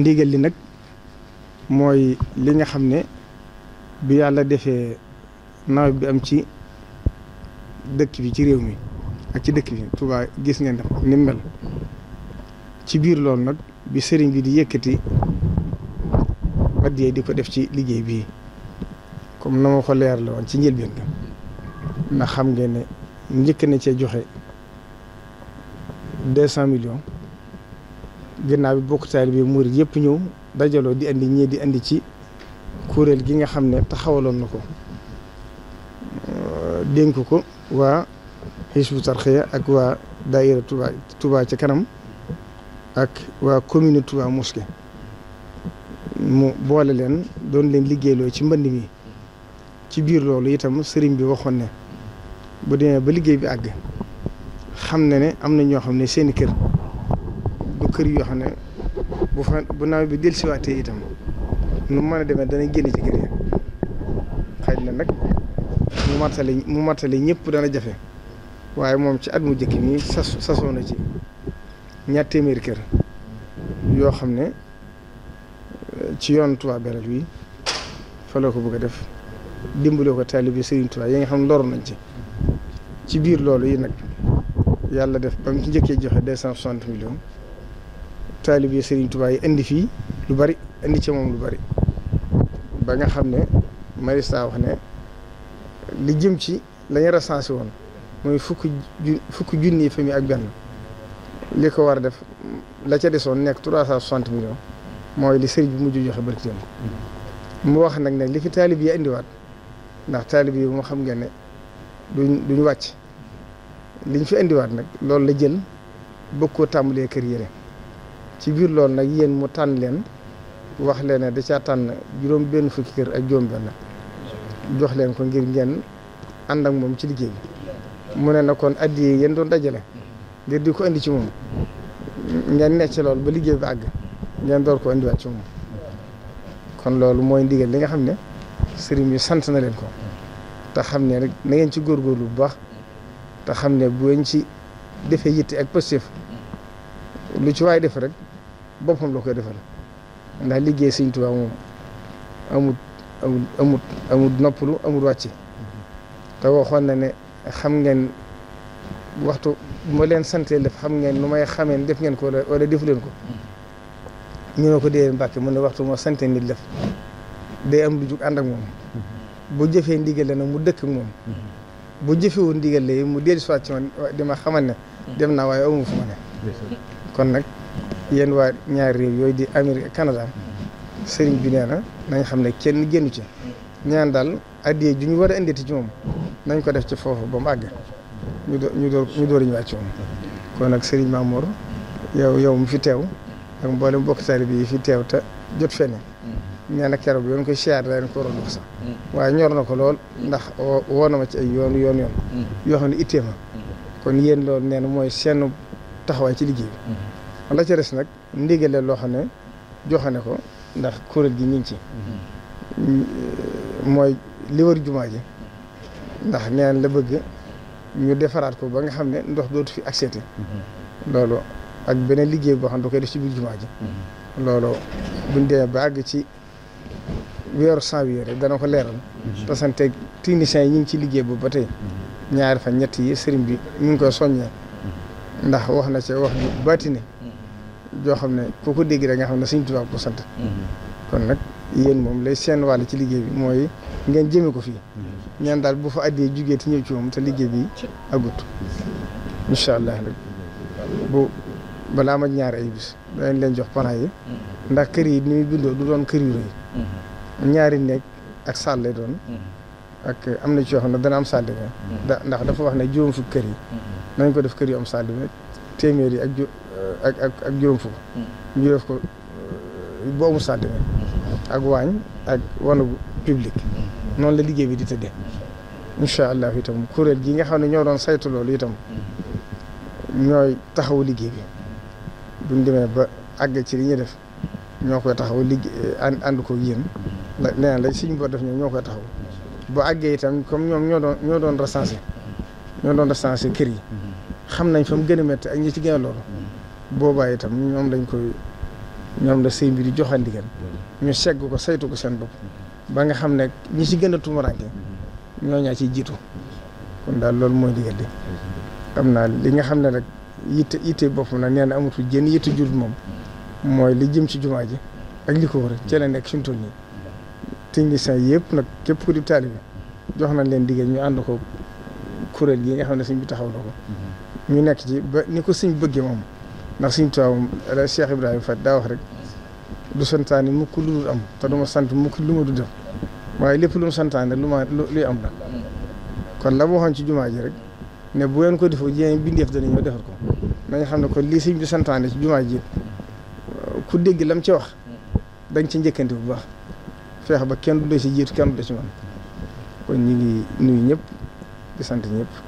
ndigal li nag mooy li nga xam ne bi yàlla defee nawet bi am ci dëkk bi ci réew mi ak ci dëkk bi Touba gis nga def ni mel ci biir loolu nag bi sëriñ bi di yëkkati addiyee di ko def ci liggéey bii comme na ma ko leer la woon ci njëlbeen ga ndax xam ngeen ne njëkk na cee joxe deux ginnaaw bi bokk taal bi murid yëpp ñëw dajaloo di indi ñii di indi ci kuréel gi nga xam ne taxawaloon na ko euh, dénk ko waa Hizbut Tarqiyyah ak waa daayira tubaa tubaa ci kanam ak waa commune tubaa Mosquée mu boole leen doon leen liggéeyloo ci mbënd mi ci biir loolu itam sëriñ bi waxoon ne bu demee ba liggéey bi àgg xam na ne am na ñoo xam ne seeni kër kër yoo xam ne bu fa bu nawet bi dellusiwaatee itam nu mën a demee dana génn ci kër yi xaj na nag mu matale mu matale ñëpp dana jafe waaye moom ci at mu jëkk nii sas sasoo na ci ñaar kër yoo xam ne euh, ci yoon Touba Belel wi fa la ko bëgg def dimbaloo ko taalibe Serigne Touba yi nga xam lor nañ ci ci biir loolu yi nag yàlla def ba mu ci njëkkee joxe deux cent soixante millions taalibe Serigne Touba indi fii lu bari indi ci moom lu bari ba nga xam ne Marista wax ne li jëm ci lañu recensé woon mooy fukki ju fukki junni famille ak benn li ko war def la ca desoon nekk trois cent soixante millions mooy li Serigne bi mujj joxe barki démb mu wax nag ne li fi taalibe yi indiwaat ndax taalibe yi moo xam ngeen ne duñ duñ wàcc liñ fi indiwaat nag loolu la jël bëgg koo tàmbalee kër yére ci biir lool nag yéen mu tànn leen wax leen ne da caa tànn juróom benn fukki kër ak juróom benn jox leen ko ngir ngeen ànd ak moom ci liggéey bi mu ne na kon addiye yéen doon dajale ngir di ko indi ci moom ngeen necc loolu ba liggéey bi àgg ngeen door ko indiwaat ci moom kon loolu mooy ndigal li nga xam ne sëriñ bi sant na leen ko te xam ne rek nangeen ngeen ci góorgóorlu bu baax te xam ne bu ngeen ci defee yitte ak positif lu ci waay def rek boppam la koy defal ndax liggéey sëñ Tuubaa moom amut amut amut amut amut wàcc te waxoon na ne xam ngeen waxtu mu leen santee def xam ngeen nu may xameen def ngeen ko wala defuleen ko ñu ne ko dee Mbàkke mun ne waxtu moo sante nit def day am lu jug àndak ak moom bu jëfee ndigal nag mu dëkk ak moom bu jëfewul ndigal la mu dellu si waat ci man dima xamal ne dem naa waaye amu fu ma ne kon nag yéen waa ñaari réew yooyu di Amérique ak Canada sëriñ bi nee na nañ xam ne kenn génnu ci ñaan daal addiyee ju ñu war a indeeti ci moom nañ ko def ci foofu ba mu àgg ñu door ñu door ñu door ñu wàcc moom kon nag sëriñ Mamour yow yow mu fi teew ak mboolem bokk taalibe yi fi teew te jot fenn nee na keroog yoon koy siyaar la leen ko waroon wax sax waaye ñor na ko lool ndax woo na ma ci ay yoon yoon yoon mm. yoo xam ne ittee ma kon yéen loolu nee na mooy seen taxawaay ci liggéey bi la cere si nag ndigalee loo xam ne joxe ne ko ndax kuréel gi ñu ngi ci mhm. mooy li wër jumaa ji ndax neen la bëgg ñu defaraat ko ba nga xam ne ndox dootu fi accepté mhm. loolu ak beneen liggéey boo xam ne da koy def ci biir jumaa ji mhm. loolu buñ demee ba ci weeru janvier rek dana ko leeral te santeeg techniciens yi ñu ngi ci liggéey boobu ba tey ñaari fa ñett yi sëriñ bi ñu ngi koy soññee ndax wax na ci wax ju baati ne joo xam ne ku ko dégg rek nga xam ne Sëriñ Tuubaa ko sant kon nag yéen moom lay seen wàll ci liggéey bi mooy ngeen jëme ko fii ñaan daal bu fa addee jugee ti ñëw ci moom te liggéey bi agut incha allah rek bu balaa ma ñaari ay bis danañ leen jox plan yi ndax kër yi ni muy bindoo du doon kër yu rëy ñaari néeg ak salle lay doon ak am na ci yoo xam ne dana am salle ndax dafa wax ne juróom fukk kër yi nañ ko def kër yu am salle téeméer yi ak ju ak ak ak juróom fukk hmm. ñu def ko euh, boobu centimètre hmm. ak waañ ak wanagu public hmm. noonu la liggéey bi di tëddee incha allah itam kuréel gi nga xam ne ñoo doon saytu loolu itam ñooy taxaw liggéey bi buñ demee ba àgg ci li ñuy def ñoo koy taxaw liggéey eh, ànd ànd ko yéen leneen la suñu bor def ñoom ñoo koy taxaw bu àggee itam comme ñoom ñoo doon ñoo doon recensé ñoo doon recensé kër yi xam nañ fa mu gën a métti ak ñu ci gën a loolu boobaa itam ñoom lañ koy ñoom la sëñ bi di jox ndigal ñu segg ko saytu ko seen bopp ba nga xam ne ñu si gën a tumuraanke ñoo ñaa ci jiitu kon daal loolu mooy ndigal li am naa li nga xam ne rek yitte yitte boppam nag nee na amatul jën yitte jur moom mooy li jëm si jumaa ji ak li ko wër ci la nekk suñu tool yi yëpp nag képp ku di taalibe jox nañ leen ndigal ñu ànd ko kuréel gi nga xam ne sëñ bi taxaw na ko mu nekk ci ba ni ko suñ bëggee moom ndax suñ tubaab moom la Cheikh Ibrahima daa wax rek du santaane mukk am te du ma sant mukk lu ma du def waaye lépp lu mu santaane lu ma luy am la kon la ma waxoon ci jumaa ji rek ne bu ngeen ko defoo jéem bindeef dana ñëw defar ko nañ xam ne kon lii sëñ bi santaane ci jumaa ji ku dégg lam ci wax dañ ci njëkkante bu baax feex ba kenn du la ci jiitu kenn du la ci man kon ñu ngi nuyu ñëpp di sant ñëpp